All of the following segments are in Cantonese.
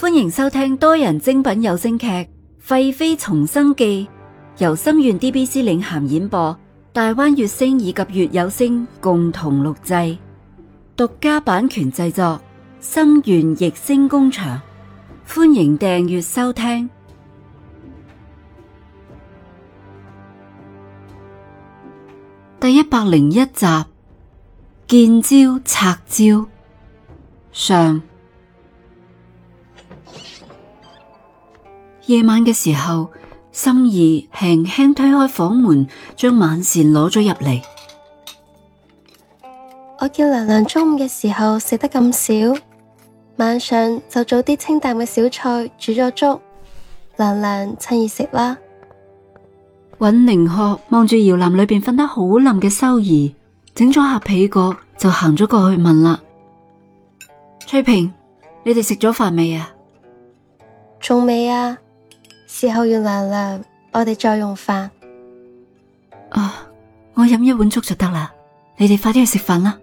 歡迎收聽多人精品有聲劇《廢妃重生記》，由心願 DBC 領銜演播，大灣月星以及月有聲共同錄製，獨家版權製作，心願逸星工場。歡迎訂閱收聽第一百零一集《見招拆招》上。夜晚嘅時候，心儀輕輕推開房門，將晚膳攞咗入嚟。我見娘娘中午嘅時候食得咁少，晚上就做啲清淡嘅小菜，煮咗粥。娘娘趁熱食啦。尹寧鶴望住搖籃裏邊瞓得好冧嘅修兒，整咗下被角，就行咗過去問啦：翠平，你哋食咗飯未啊？仲未啊？時候要嚟啦，我哋再用飯。啊，我飲一碗粥就得啦，你哋快啲去食飯啦。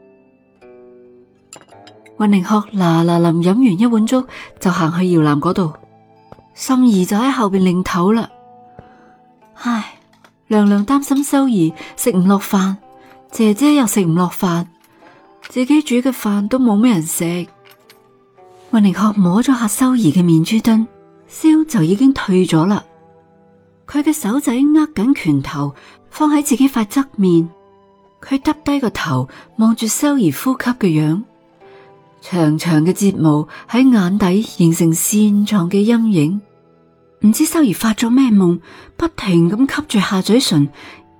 云寧鶴嗱嗱臨飲完一碗粥，就行去搖籃嗰度。心儀就喺後邊擰頭啦。唉，娘娘擔心修兒食唔落飯，姐姐又食唔落飯，自己煮嘅飯都冇咩人食。云寧鶴摸咗下修兒嘅面珠墩。燒就已經退咗啦。佢嘅手仔握緊拳頭，放喺自己塊側面。佢耷低個頭，望住修兒呼吸嘅樣，長長嘅睫毛喺眼底形成線狀嘅陰影。唔知修兒發咗咩夢，不停咁吸住下嘴唇，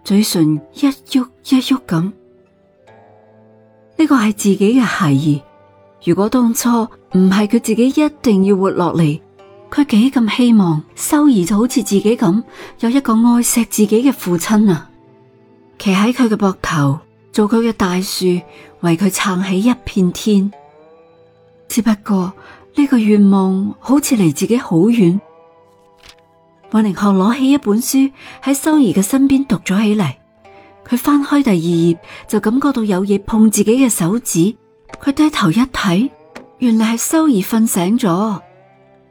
嘴唇一喐一喐咁。呢、這個係自己嘅孩兒，如果當初唔係佢自己，一定要活落嚟。佢幾咁希望修儀就好似自己咁有一個愛錫自己嘅父親啊，騎喺佢嘅膊頭做佢嘅大樹，為佢撐起一片天。只不過呢個願望好似離自己好遠。萬寧學攞起一本書喺修儀嘅身邊讀咗起嚟，佢翻開第二頁就感覺到有嘢碰自己嘅手指，佢低頭一睇，原來係修儀瞓醒咗。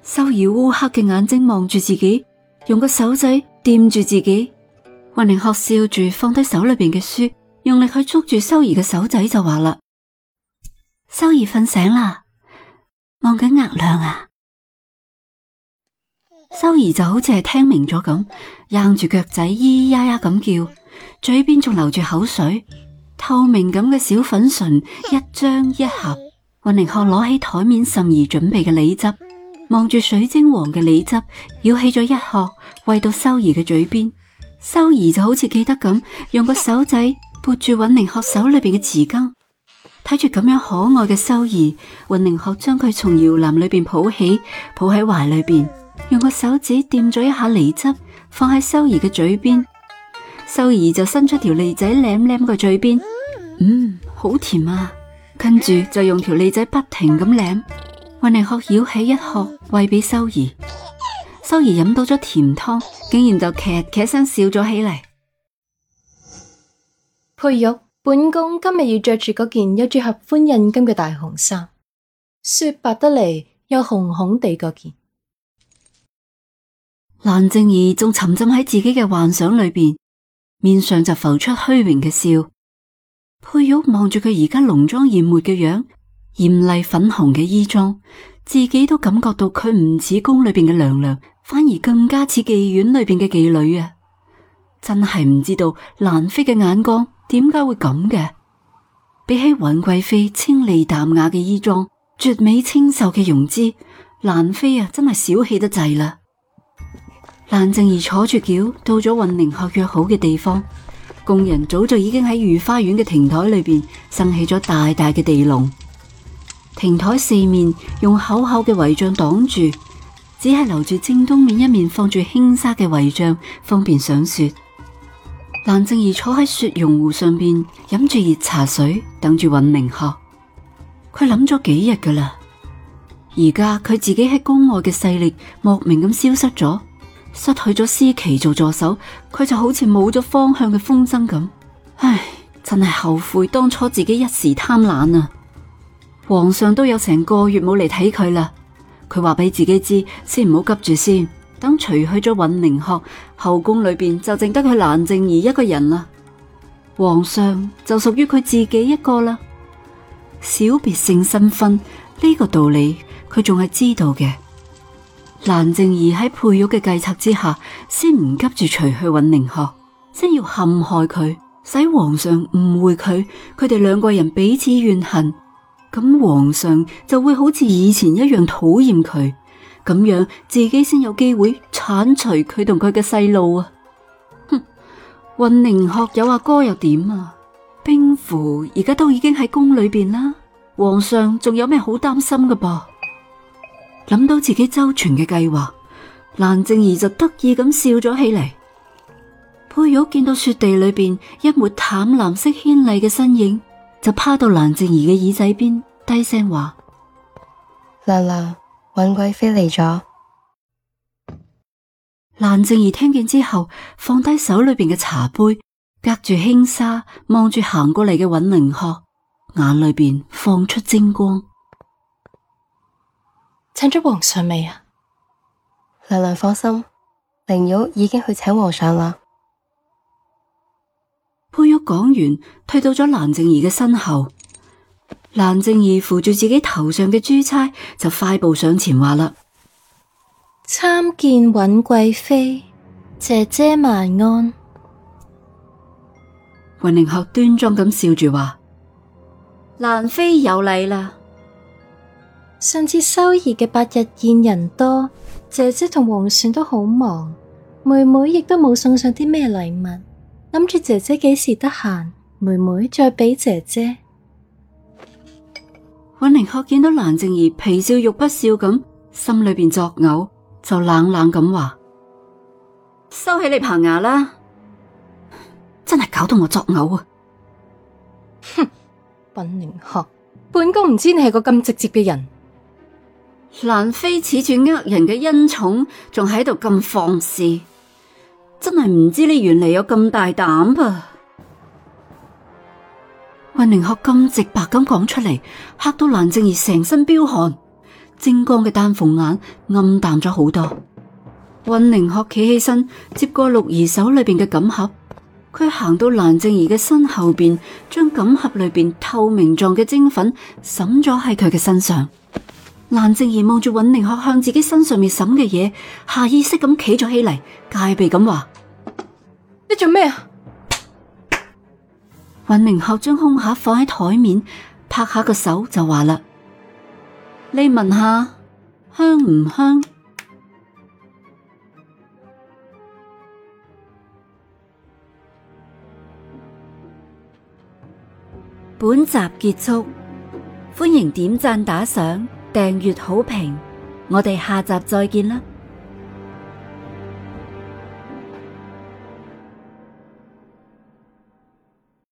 修兒烏黑嘅眼睛望住自己，用個手仔掂住自己。雲凌鶴笑住放低手裏邊嘅書，用力去捉住修兒嘅手仔，就話啦，修兒瞓醒啦，望緊額娘啊！修兒就好似係聽明咗咁，掟住腳仔咿咿呀呀咁叫，嘴邊仲流住口水，透明咁嘅小粉唇一張一合。雲凌鶴攞起台面甚而準備嘅梨汁。望住水晶黃嘅梨汁，舀起咗一殼，喂到修兒嘅嘴邊。修兒就好似記得咁，用個手仔撥住尹寧學手裏邊嘅匙羹，睇住咁樣可愛嘅修兒，尹寧學將佢從搖籃裏邊抱起，抱喺懷裏邊，用個手指掂咗一下梨汁，放喺修兒嘅嘴邊。修兒就伸出條脷仔舐舐個嘴邊，嗯，好甜啊！跟住就用條脷仔不停咁舐。運寧喝舀起一喝，喂俾修兒。修兒飲到咗甜湯，竟然就騎騎聲笑咗起嚟。佩玉，本宮今日要着住嗰件有住合歡印金嘅大紅衫，雪白得嚟又紅紅地嗰件。蘭靜兒仲沉浸喺自己嘅幻想裏邊，面上就浮出虛榮嘅笑。佩玉望住佢而家濃妝艷抹嘅樣。艷麗粉紅嘅衣裝，自己都感覺到佢唔似宮裏邊嘅娘娘，反而更加似妓院裏邊嘅妓女啊！真係唔知道蘭妃嘅眼光點解會咁嘅。比起尹貴妃清麗淡雅嘅衣裝，絕美清秀嘅容姿，蘭妃啊，真係小氣得滯啦。蘭靜兒坐住轎到咗尹寧鶴約好嘅地方，工人早就已經喺御花園嘅亭台裏邊生起咗大大嘅地籠。亭台四面用厚厚嘅圍帳擋住，只係留住正東面一面放住輕紗嘅圍帳，方便賞雪。蘭靜兒坐喺雪溶湖上邊，飲住熱茶水，等住尹明鶴。佢諗咗幾日噶啦，而家佢自己喺宮外嘅勢力莫名咁消失咗，失去咗思琪做助手，佢就好似冇咗方向嘅風箏咁。唉，真係後悔當初自己一時貪婪啊！皇上都有成個月冇嚟睇佢啦，佢話俾自己知，先唔好急住先。等除去咗尹寧珂，後宮裏邊就剩得佢蘭靜兒一個人啦，皇上就屬於佢自己一個啦。小別勝新婚呢個道理，佢仲係知道嘅。蘭靜兒喺佩玉嘅計策之下，先唔急住除去尹寧珂，先要陷害佢，使皇上誤會佢，佢哋兩個人彼此怨恨。咁皇上就會好似以前一樣討厭佢，咁樣自己先有機會鏟除佢同佢嘅細路啊！哼，運凝學友阿哥又點啊？兵符而家都已經喺宮裏邊啦，皇上仲有咩好擔心㗎噃？諗到自己周全嘅計劃，蘭靜兒就得意咁笑咗起嚟。佩玉見到雪地裏邊一抹淡藍色纖麗嘅身影。就趴到蘭靜兒嘅耳仔邊低聲話：娘娘，尹貴妃嚟咗。蘭靜兒聽見之後，放低手裏邊嘅茶杯，隔住輕紗望住行過嚟嘅尹明鶴，眼裏邊放出精光。請咗皇上未啊？娘娘放心，靈玉已經去請皇上啦。講完，退到咗蘭靜兒嘅身後，蘭靜兒扶住自己頭上嘅珠釵，就快步上前話啦：參見尹貴妃姐姐萬安。雲寧學端莊咁笑住話：蘭妃有禮啦。上次修儀嘅八日宴人多，姐姐同皇上都好忙，妹妹亦都冇送上啲咩禮物。諗住姐姐幾時得閒，妹妹再俾姐姐。尹寧鶴見到蘭靜儀皮笑肉不笑咁，心裏邊作嘔，就冷冷咁話：收起你棚牙啦！真係搞到我作嘔啊！哼！尹寧鶴，本宮唔知你係個咁直接嘅人，蘭妃恃住呃人嘅恩寵，仲喺度咁放肆。真係唔知你原嚟有咁大膽吧、啊？溫寧學咁直白咁講出嚟，嚇到蘭靜兒成身標汗，晶光嘅丹鳳眼暗淡咗好多。溫寧學企起身，接過六兒手裏邊嘅錦盒，佢行到蘭靜兒嘅身後邊，將錦盒裏邊透明狀嘅精粉滲咗喺佢嘅身上。蘭靜怡望住尹寧學向自己身上面沈嘅嘢，下意識咁企咗起嚟，戒備咁話：你做咩啊？尹寧學將空盒放喺台面，拍下個手就話啦：你聞下，香唔香？ 本集結束，歡迎點讚打賞。訂閱好評，我哋下集再見啦！